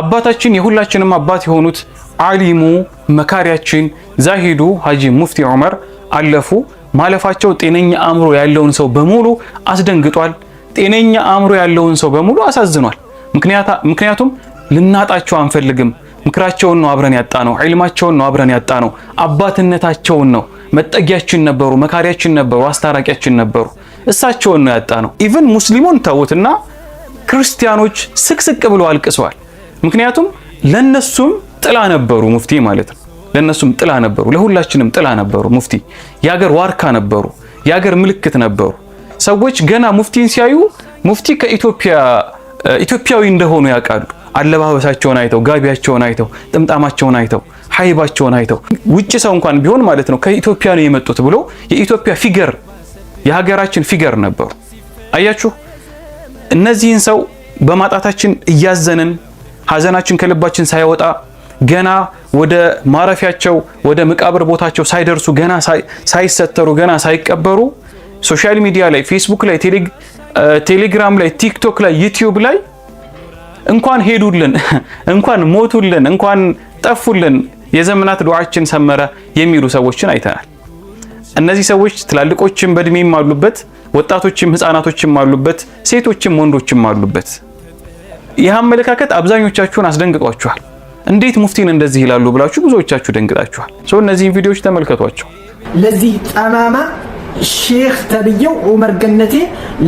አባታችን የሁላችንም አባት የሆኑት አሊሙ መካሪያችን ዛሂዱ ሀጂ ሙፍቲ ዑመር አለፉ። ማለፋቸው ጤነኛ አእምሮ ያለውን ሰው በሙሉ አስደንግጧል። ጤነኛ አእምሮ ያለውን ሰው በሙሉ አሳዝኗል። ምክንያቱም ልናጣቸው አንፈልግም። ምክራቸውን ነው አብረን ያጣ ነው። ዒልማቸውን ነው አብረን ያጣ ነው። አባትነታቸውን ነው። መጠጊያችን ነበሩ፣ መካሪያችን ነበሩ፣ አስታራቂያችን ነበሩ። እሳቸውን ነው ያጣ ነው። ኢቨን ሙስሊሙን ተውትና ክርስቲያኖች ስቅስቅ ብለው አልቅሰዋል። ምክንያቱም ለነሱም ጥላ ነበሩ ሙፍቲ ማለት ነው። ለነሱም ጥላ ነበሩ፣ ለሁላችንም ጥላ ነበሩ። ሙፍቲ የሀገር ዋርካ ነበሩ፣ የሀገር ምልክት ነበሩ። ሰዎች ገና ሙፍቲን ሲያዩ ሙፍቲ ከኢትዮጵያ ኢትዮጵያዊ እንደሆኑ ያውቃሉ። አለባበሳቸውን አይተው፣ ጋቢያቸውን አይተው፣ ጥምጣማቸውን አይተው፣ ሀይባቸውን አይተው ውጭ ሰው እንኳን ቢሆን ማለት ነው ከኢትዮጵያ ነው የመጡት ብሎ የኢትዮጵያ ፊገር የሀገራችን ፊገር ነበሩ። አያችሁ እነዚህን ሰው በማጣታችን እያዘንን ሀዘናችን ከልባችን ሳይወጣ ገና ወደ ማረፊያቸው ወደ መቃብር ቦታቸው ሳይደርሱ ገና ሳይሰተሩ ገና ሳይቀበሩ ሶሻል ሚዲያ ላይ ፌስቡክ ላይ ቴሌግራም ላይ ቲክቶክ ላይ ዩቲዩብ ላይ እንኳን ሄዱልን እንኳን ሞቱልን እንኳን ጠፉልን የዘመናት ዱዓችን ሰመረ የሚሉ ሰዎችን አይተናል። እነዚህ ሰዎች ትላልቆችም በእድሜም አሉበት፣ ወጣቶችም ህፃናቶችም አሉበት፣ ሴቶችም ወንዶችም አሉበት። ይህ አመለካከት አብዛኞቻችሁን አስደንግጧችኋል። እንዴት ሙፍቲን እንደዚህ ይላሉ ብላችሁ ብዙዎቻችሁ ደንግጣችኋል። ሰው እነዚህን ቪዲዮዎች ተመልከቷቸው። ለዚህ ጠማማ ሼክ ተብዬው ዑመር ገነቴ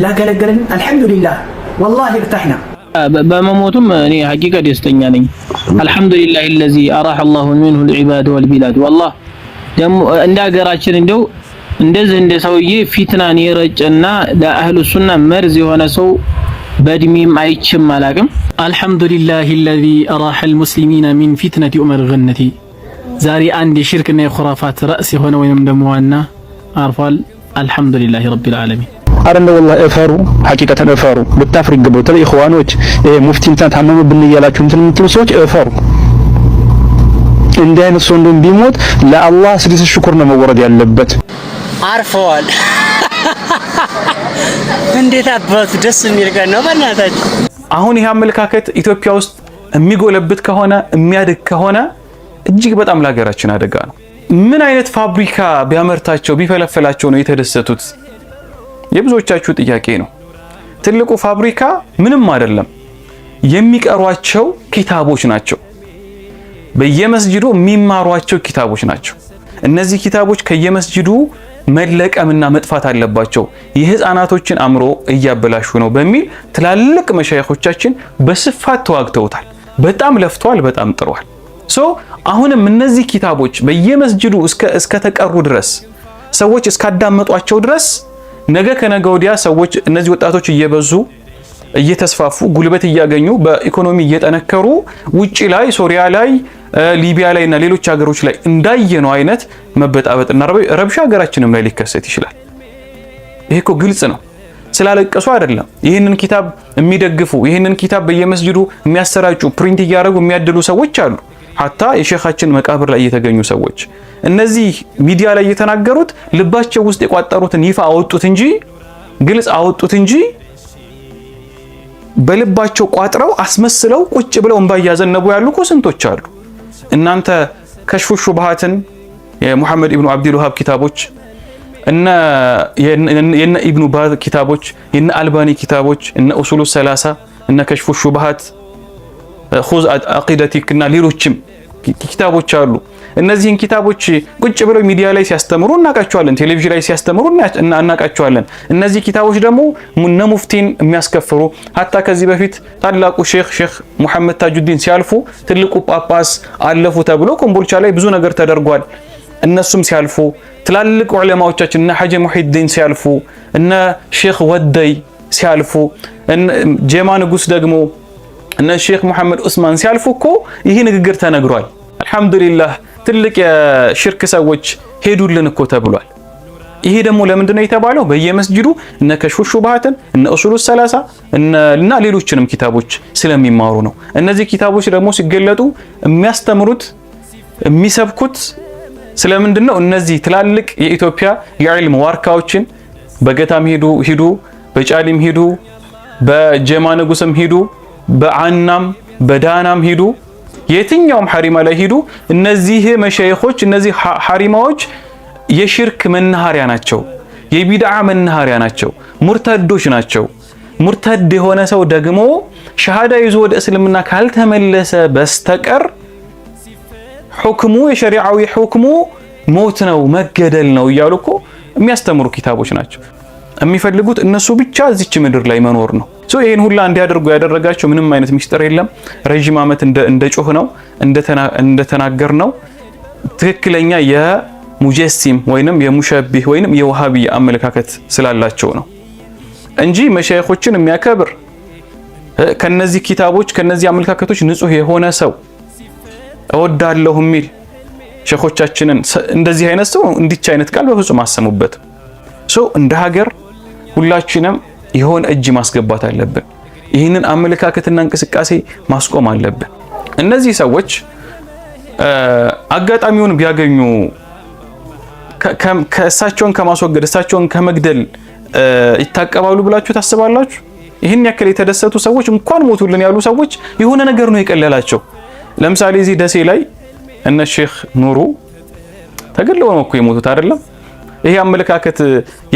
ላገለገለን አልሐምዱሊላህ ወላሂ እርታሕና በመሞቱም እኔ ሀቂቃ ደስተኛ ነኝ። አልሐምዱሊላህ ለዚ አራህ አላሁ ሚንሁ ልዕባድ ወልቢላድ ወላሂ ደግሞ እንደ ሀገራችን እንደው እንደዚህ እንደ ሰውዬ ፊትናን የረጨና ለአህሉ ሱና መርዝ የሆነ ሰው በእድሜም አይችም አላቅም። አልሐምዱሊላህ ለዚ አራሐ ልሙስሊሚና ሚን ፊትነት ኡመር ገነቲ። ዛሬ አንድ የሽርክና የኹራፋት ራእስ የሆነ ወይም ደግሞ ዋና አርፏል። አልሐምዱሊላህ ረቢል ዓለሚን። አረነ ወላሂ እፈሩ፣ ሐቂቀተን እፈሩ። ልታፍሩ ይገባው። ተለይ ኢኽዋኖች ሙፍቲ እንትና ታመመብን እያላችሁ እንትን የምትሉ ሰዎች እፈሩ። እንዲህ አይነት ሰው እንደውም ቢሞት ለአላህ ስድስት ሽኩር ነው መወረድ ያለበት። አርፈዋል እንዴት አባቱ ደስ የሚል ቀን ነው በእናታችሁ። አሁን ይህ አመለካከት ኢትዮጵያ ውስጥ የሚጎለብት ከሆነ የሚያድግ ከሆነ እጅግ በጣም ለሀገራችን አደጋ ነው። ምን አይነት ፋብሪካ ቢያመርታቸው ቢፈለፈላቸው ነው የተደሰቱት? የብዙዎቻችሁ ጥያቄ ነው። ትልቁ ፋብሪካ ምንም አይደለም፣ የሚቀሯቸው ኪታቦች ናቸው። በየመስጅዱ የሚማሯቸው ኪታቦች ናቸው። እነዚህ ኪታቦች ከየመስጅዱ መለቀምና መጥፋት አለባቸው፣ የህፃናቶችን አእምሮ እያበላሹ ነው በሚል ትላልቅ መሻይኾቻችን በስፋት ተዋግተውታል። በጣም ለፍተዋል፣ በጣም ጥረዋል። ሶ አሁንም እነዚህ ኪታቦች በየመስጅዱ እስከተቀሩ ድረስ ሰዎች እስካዳመጧቸው ድረስ ነገ ከነገ ወዲያ ሰዎች እነዚህ ወጣቶች እየበዙ እየተስፋፉ ጉልበት እያገኙ በኢኮኖሚ እየጠነከሩ ውጪ ላይ ሶሪያ ላይ ሊቢያ ላይ እና ሌሎች ሀገሮች ላይ እንዳየነው አይነት መበጣበጥና ረብሻ ሀገራችንም ላይ ሊከሰት ይችላል። ይሄ እኮ ግልጽ ነው። ስላለቀሱ አይደለም። ይህንን ኪታብ የሚደግፉ ይህንን ኪታብ በየመስጅዱ የሚያሰራጩ ፕሪንት እያደረጉ የሚያድሉ ሰዎች አሉ። ሀታ የሼኻችን መቃብር ላይ የተገኙ ሰዎች እነዚህ ሚዲያ ላይ እየተናገሩት ልባቸው ውስጥ የቋጠሩትን ይፋ አወጡት እንጂ ግልጽ አወጡት እንጂ በልባቸው ቋጥረው አስመስለው ቁጭ ብለው እንባ እያዘነቡ ያሉ እኮ ስንቶች አሉ። እናንተ ከሽፉ ሹብሃትን የሙሐመድ ኢብኑ አብዱል ወሃብ ኪታቦች እና የነ ኢብኑ ባዝ ኪታቦች የነ አልባኒ ኪታቦች እነ ኡሱሉ ሰላሳ እነ ከሽፉ ሹብሃት ኹዝ አቂደቲክ እና ሌሎችም ኪታቦች አሉ። እነዚህን ኪታቦች ቁጭ ብለው ሚዲያ ላይ ሲያስተምሩ እናውቃቸዋለን። ቴሌቪዥን ላይ ሲያስተምሩ እናውቃቸዋለን። እነዚህ ኪታቦች ደግሞ እነ ሙፍቲን የሚያስከፍሩ ሀታ ከዚህ በፊት ታላቁ ሼክ ሼክ ሙሐመድ ታጁዲን ሲያልፉ ትልቁ ጳጳስ አለፉ ተብሎ ኮምቦልቻ ላይ ብዙ ነገር ተደርጓል። እነሱም ሲያልፉ ትላልቅ ዑለማዎቻችን እነ ሐጂ ሙሒዲን ሲያልፉ እነ ሼክ ወደይ ሲያልፉ ጀማ ንጉስ ደግሞ እነ ሼክ መሐመድ ኡስማን ሲያልፉ እኮ ይህ ንግግር ተነግሯል። አልሐምዱሊላህ ትልቅ የሽርክ ሰዎች ሄዱልን እኮ ተብሏል። ይሄ ደግሞ ለምንድነው የተባለው? በየመስጅዱ እነ ከሹሹ ሹብሃትን እነ ኡሱሉ ሰላሳ እና ሌሎችንም ኪታቦች ስለሚማሩ ነው። እነዚህ ኪታቦች ደግሞ ሲገለጡ የሚያስተምሩት የሚሰብኩት ስለምንድን ነው? እነዚህ ትላልቅ የኢትዮጵያ የዕልም ዋርካዎችን በገታም ሄዱ ሂዱ፣ በጫሊም ሂዱ፣ በጀማ ንጉስም ሂዱ፣ በአናም በዳናም ሂዱ የትኛውም ሐሪማ ላይ ሂዱ። እነዚህ መሸይኾች እነዚህ ሐሪማዎች የሽርክ መናኸሪያ ናቸው፣ የቢድዓ መናኸሪያ ናቸው፣ ሙርተዶች ናቸው። ሙርተድ የሆነ ሰው ደግሞ ሸሃዳ ይዞ ወደ እስልምና ካልተመለሰ በስተቀር ሁክሙ የሸሪዓዊ ሁክሙ ሞት ነው መገደል ነው እያሉ እኮ የሚያስተምሩ ኪታቦች ናቸው። የሚፈልጉት እነሱ ብቻ እዚች ምድር ላይ መኖር ነው። ሶ ይሄን ሁላ እንዲያደርጉ ያደረጋቸው ምንም አይነት ሚስጥር የለም። ረዥም ዓመት እንደ እንደ ጮህ ነው እንደ ተናገር ነው ትክክለኛ የሙጀሲም ወይንም የሙሸቢህ ወይንም የውሃቢ አመለካከት ስላላቸው ነው እንጂ መሻይኾችን የሚያከብር ከነዚህ ኪታቦች ከነዚህ አመለካከቶች ንጹህ የሆነ ሰው እወዳለሁ የሚል ሸኾቻችንን እንደዚህ አይነት ሰው እንዲች አይነት ቃል በፍጹም አሰሙበት። ሶ እንደ ሀገር ሁላችንም የሆነ እጅ ማስገባት አለብን። ይህንን አመለካከትና እንቅስቃሴ ማስቆም አለብን። እነዚህ ሰዎች አጋጣሚውን ቢያገኙ ከእሳቸውን ከማስወገድ እሳቸውን ከመግደል ይታቀባሉ ብላችሁ ታስባላችሁ? ይህን ያክል የተደሰቱ ሰዎች እንኳን ሞቱልን ያሉ ሰዎች የሆነ ነገር ነው የቀለላቸው። ለምሳሌ እዚህ ደሴ ላይ እነ ሼክ ኑሩ ተገለው ነው እኮ የሞቱት አይደለም? ይሄ አመለካከት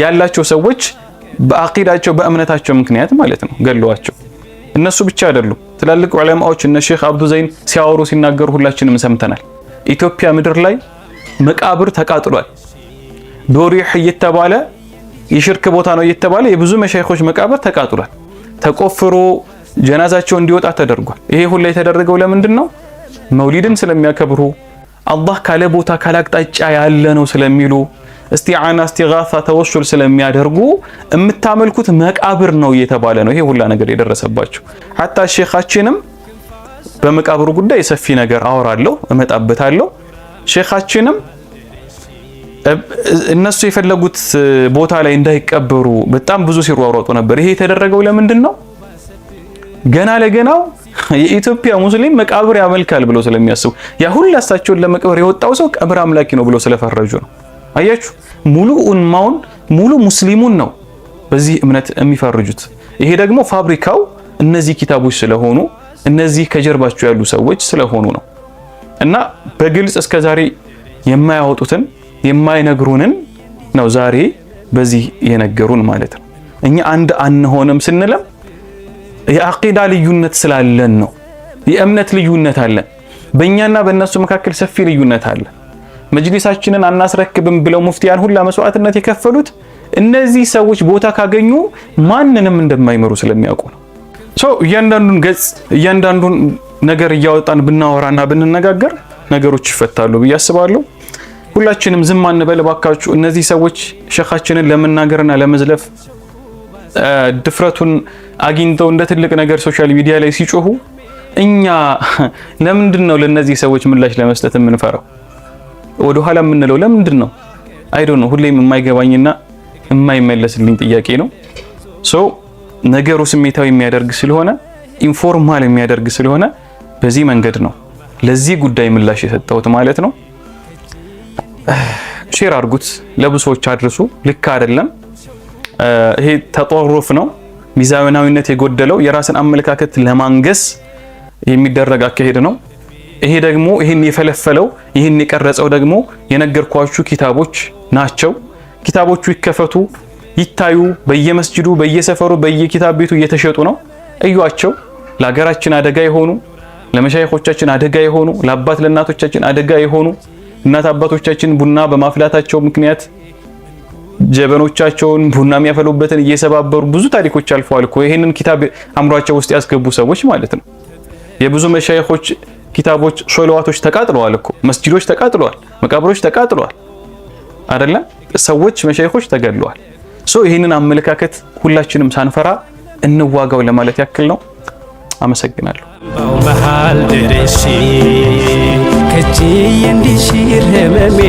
ያላቸው ሰዎች በአቂዳቸው በእምነታቸው ምክንያት ማለት ነው ገለዋቸው። እነሱ ብቻ አይደሉም። ትላልቅ ዑለማዎች እነ ሼክ አብዱ ዘይን ሲያወሩ ሲናገሩ ሁላችንም ሰምተናል። ኢትዮጵያ ምድር ላይ መቃብር ተቃጥሏል። ዶሪህ እየተባለ የሽርክ ቦታ ነው እየተባለ የብዙ መሻይኮች መቃብር ተቃጥሏል። ተቆፍሮ ጀናዛቸው እንዲወጣ ተደርጓል። ይሄ ሁላ የተደረገው ለምንድን ነው? መውሊድን ስለሚያከብሩ አላህ ካለ ቦታ ካለ አቅጣጫ ያለ ነው ስለሚሉ እስቲዓና እስቲጋፋ ተወሱል ስለሚያደርጉ የምታመልኩት መቃብር ነው እየተባለ ነው። ይሄ ሁላ ነገር የደረሰባቸው ሐታ ሼኻችንም በመቃብሩ ጉዳይ ሰፊ ነገር አወራለሁ፣ እመጣበታለሁ። ሼኻችንም እነሱ የፈለጉት ቦታ ላይ እንዳይቀበሩ በጣም ብዙ ሲሯሯጡ ነበር። ይሄ የተደረገው ለምንድን ነው? ገና ለገናው የኢትዮጵያ ሙስሊም መቃብር ያመልካል ብሎ ስለሚያስቡ ያ ሁላ እሳቸውን ለመቅበር የወጣው ሰው ቀብር አምላኪ ነው ብሎ ስለፈረጁ ነው። አያችሁ፣ ሙሉ ኡማውን ሙሉ ሙስሊሙን ነው በዚህ እምነት የሚፈርጁት። ይሄ ደግሞ ፋብሪካው እነዚህ ኪታቦች ስለሆኑ እነዚህ ከጀርባቸው ያሉ ሰዎች ስለሆኑ ነው። እና በግልጽ እስከ ዛሬ የማያወጡትን የማይነግሩንን ነው ዛሬ በዚህ የነገሩን ማለት ነው። እኛ አንድ አንሆንም ስንለም የአቂዳ ልዩነት ስላለን ነው። የእምነት ልዩነት አለን። በእኛና በእነሱ መካከል ሰፊ ልዩነት አለ። መጅሊሳችንን አናስረክብም ብለው ሙፍቲያን ሁላ መስዋዕትነት የከፈሉት እነዚህ ሰዎች ቦታ ካገኙ ማንንም እንደማይመሩ ስለሚያውቁ ነው። ሶ እያንዳንዱን ገጽ እያንዳንዱን ነገር እያወጣን ብናወራና ብንነጋገር ነገሮች ይፈታሉ ብዬ አስባለሁ። ሁላችንም ዝም አንበል ባካችሁ። እነዚህ ሰዎች ሸኻችንን ለመናገርና ለመዝለፍ ድፍረቱን አግኝተው እንደ ትልቅ ነገር ሶሻል ሚዲያ ላይ ሲጮሁ እኛ ለምንድን ነው ለእነዚህ ሰዎች ምላሽ ለመስጠት የምንፈራው? ወደ ኋላ የምንለው ለምንድን ነው? ዶንት ኖ ሁሌም የማይገባኝና የማይመለስልኝ ጥያቄ ነው። ሶ ነገሩ ስሜታዊ የሚያደርግ ስለሆነ ኢንፎርማል የሚያደርግ ስለሆነ በዚህ መንገድ ነው ለዚህ ጉዳይ ምላሽ የሰጠሁት ማለት ነው። ሼር አድርጉት፣ ለብሶች አድርሱ። ልክ አይደለም ይሄ ተጦሩፍ ነው። ሚዛናዊነት የጎደለው የራስን አመለካከት ለማንገስ የሚደረግ አካሄድ ነው። ይሄ ደግሞ ይህን የፈለፈለው ይህን የቀረጸው ደግሞ የነገርኳችሁ ኪታቦች ናቸው። ኪታቦቹ ይከፈቱ ይታዩ። በየመስጅዱ በየሰፈሩ በየኪታብ ቤቱ እየተሸጡ ነው። እዩዋቸው። ለሀገራችን አደጋ የሆኑ ለመሻይኮቻችን አደጋ የሆኑ ለአባት ለእናቶቻችን አደጋ የሆኑ እናት አባቶቻችን ቡና በማፍላታቸው ምክንያት ጀበኖቻቸውን ቡና የሚያፈሉበትን እየሰባበሩ ብዙ ታሪኮች አልፈዋል እኮ ይህንን ኪታብ አእምሯቸው ውስጥ ያስገቡ ሰዎች ማለት ነው። የብዙ መሻይኮች ኪታቦች፣ ሶለዋቶች ተቃጥለዋል እኮ መስጂዶች ተቃጥለዋል፣ መቃብሮች ተቃጥለዋል አይደለም ሰዎች መሸይኾች ተገድለዋል። ሶ ይህንን አመለካከት ሁላችንም ሳንፈራ እንዋጋው ለማለት ያክል ነው። አመሰግናለሁ። መሃል ደረሽ ከቺ እንዲሽር ህመሜ